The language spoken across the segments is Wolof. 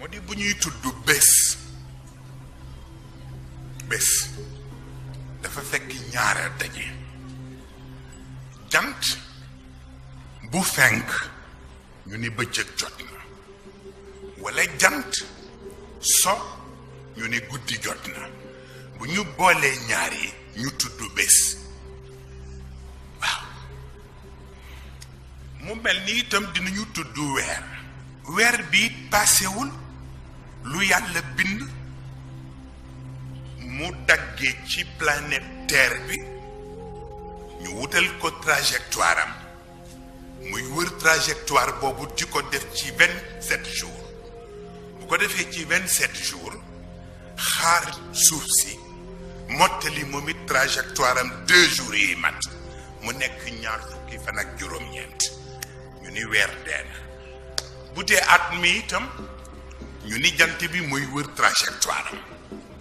moo di bu ñuy tudd bés bés dafa fekk ñaara daje jant bu fenk ñu ni bëccëg jot na walla jant so ñu ni guddi jot na bu ñu boolee ñaar yi ñu tudd bés waaw mu mel ni itam dinañu tudd weer weer bi paasewul lu yàlla bind mu daggee ci planète terre bi ñu wutal ko trajectoire am muy wër trajectoire boobu di ko def ci vingt bu ko defee ci vingt sept xaar suuf si mottali moom it trajectoire am deux jours mat mu nekk ñaar fukki fan ak juróom-ñeent ñu ni weer dee na bu mi itam ñu ni jant bi muy wër trajectoire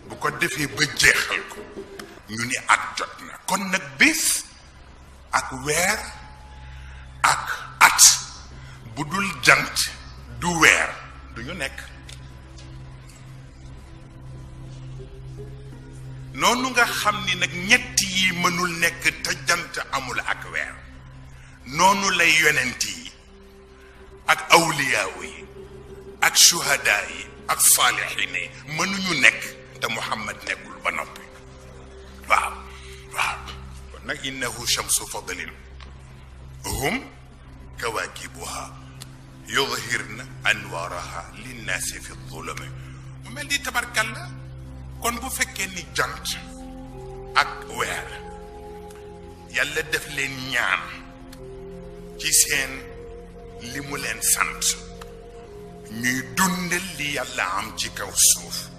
bu ko defee ba jeexal ko ñu ni at jot na kon nag bés ak weer ak at bu dul jant du weer du ñu nekk noonu nga xam ni nag ñett yi mënul nekk te jant amul ak weer noonu lay yonent yi ak awliyaaw yi shuhadaa yi ak saalixiin yi mënuñu nekk te muhammad nekkul ba noppi waaw waaw kon nag innahu shamsu fadlin hum kawaakibuha yudhirna anwaaraha linnaasi fi zulami mu mel ni tabarkal la kon bu fekkee ni jant ak weer yàlla def leen ñaan ci seen li mu leen sant ñuy dundal li yàlla am ci kaw suuf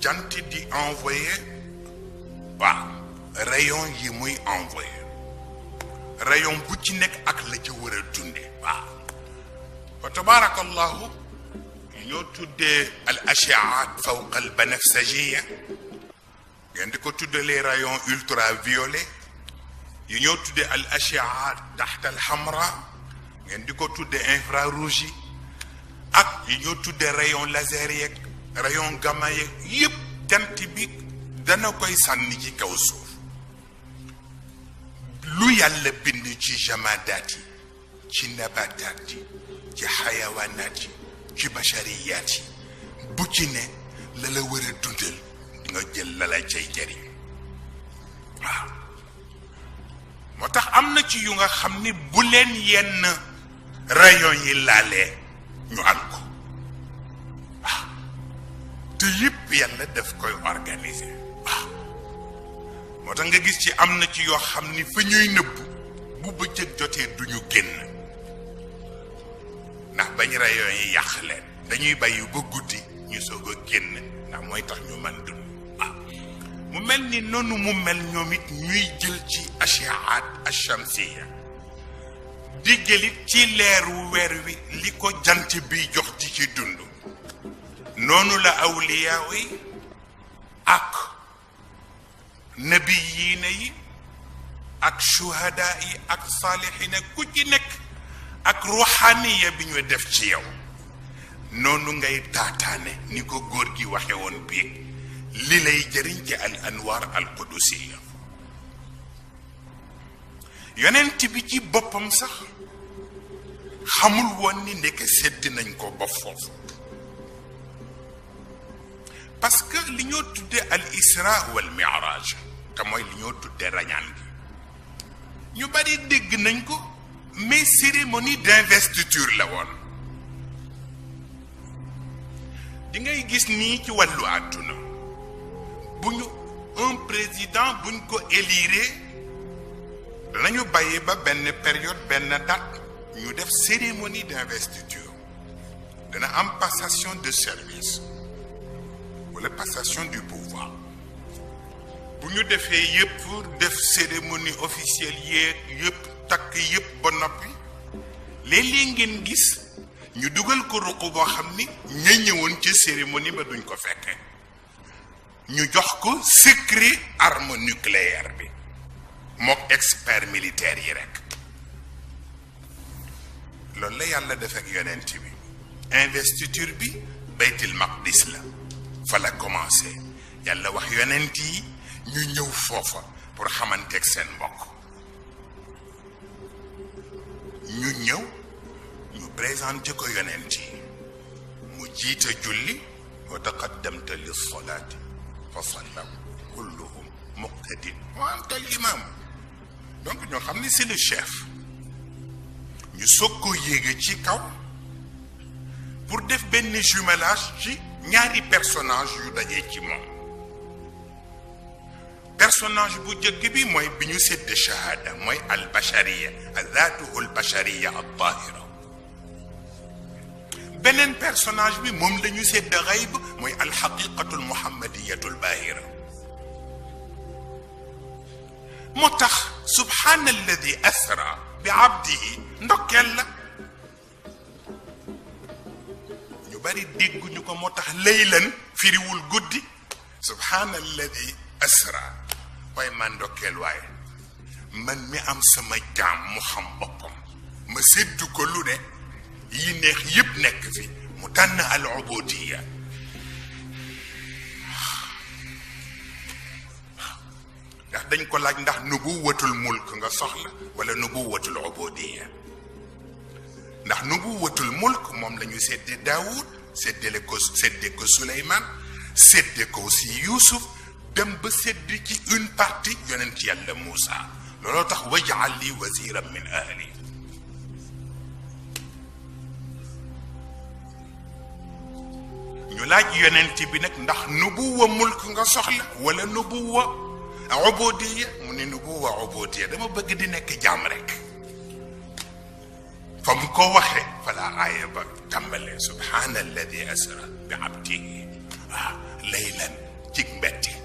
jant di envoyé ba rayon yi muy envoyé rayon bu ci nekk ak la ci war a dunde waaw wa tabarakallahu ñoo tuddee al ashiaat fawqa al banafsajiya ngeen di ko tuddalee rayon ultraviolet yi ñoo tuddee al ashiaat taxta al hamra ngeen di ko tuddee infrarouge yi ak yi ñoo tuddee rayon laser yeeg rayon gamma yeeg yëpp bi dana koy sànni ci kaw suuf lu yàlla bind ci jamadaat yi ci nabataat yi ci xayawaanaat yi ci bachariyaat yi bu ci ne la la dundal nga jël la la jariñ waaw moo tax am na ci yu nga xam ni bu leen yenn rayon yi laalee ñu ànd ko waaw ah. te yëpp yàlla daf koy organiser ah. moo tax nga gis ci am na ci yoo xam ni fa ñuy nëbb bu bëccëg jotee du ñu génn ndax bañ rayon yi yàq leen dañuy bàyyi ba guddi ñu soog a génn ndax mooy tax ñu man dund ah. mu mel ni noonu mu mel ñoom it ñuy jël ci ashiaat ashamsiya di jëlit ci leeru weer wi li ko jant bi jox di ci dund noonu la awliyaa yi ak nabi yiina yi ak shuhadaa yi ak saalixiina ku ci nekk ak ruuxaaniya bi ñu def ci yow noonu ngay taataane ni ko góor gi waxe woon li lay jëriñ ci al anwaar al qudusiya yonent bi ci bopam sax xamul woon ni ndeke sedd nañ ko ba parce que li ñoo al isra wal mi'raj te mooy li ñoo tudde de gi ñu bari dégg nañ ko mais cérémonie d'investiture la won di ngay gis ni ci wàllu aduna buñu un président buñ ko élire la ñu bàyyi ba benn période benn date ñu def cérémonie d'investiture dana am passation de service wala passation du pouvoir bu ñu defee yépp def cérémonie officielle yeeg yëpp takk yëpp ba noppi léeg-léeg ngeen gis ñu dugal ko ruq boo xam ni ña ñëwoon ci cérémonie ba duñ ko fekkee ñu jox ko secret arme nucléaire bi mook expert militaire yi rek loolu la yàlla def ak yonent bi investiture bi baytil maqdis la fa la commencé yàlla wax yonent yi ñu ñëw foofa pour xamanteeg seen mbokk ñu ñëw ñu présenté ko yonent yi mu jiita julli wa taqaddamta lissalaati fa sallaw kulluhum muqtadin wa anta al imam donc ñoo xam ne c'est le chef ñu soog ko yéege ci kaw pour def benn jumelage ci ñaari personnage yu dajee ci moom personnage bu jëkk bi mooy bi ñu sédd shahada mooy al bashariya zaatuhu al bashariya al tahira beneen personnage bi moom la ñu sédd xayb mooy al xaqiqatu al muhammadiyatu al bahira moo tax سبحان الذي أسرى بعبده نكلا يبري ديغو نيكو موتاخ ليلا فيريول غودي سبحان الذي أسرى واي مان دوكيل واي من مي ام سما جام مخم بوكم ما في مو العبوديه ndax dañ ko laaj ndax nubuwatul mulk nga soxla wala nubuwatul ubudiyya ndax nubuwatul mulk moom la ñu séddee daawud séddale ko séddee ko suleyman séddee ko aussi yusuf dem ba sédd ci une partie yonent yàlla muusa looloo tax wajal li wasiran min ahli ñu laaj yonent bi nag ndax nubuwa mulk nga soxla wala nubuwa عبودية من النبوة عبودية دم بقدينا كجامرك فمكو فلا عيب آية تمل سبحان الذي أسرى بعبده آه، ليلا جمبتي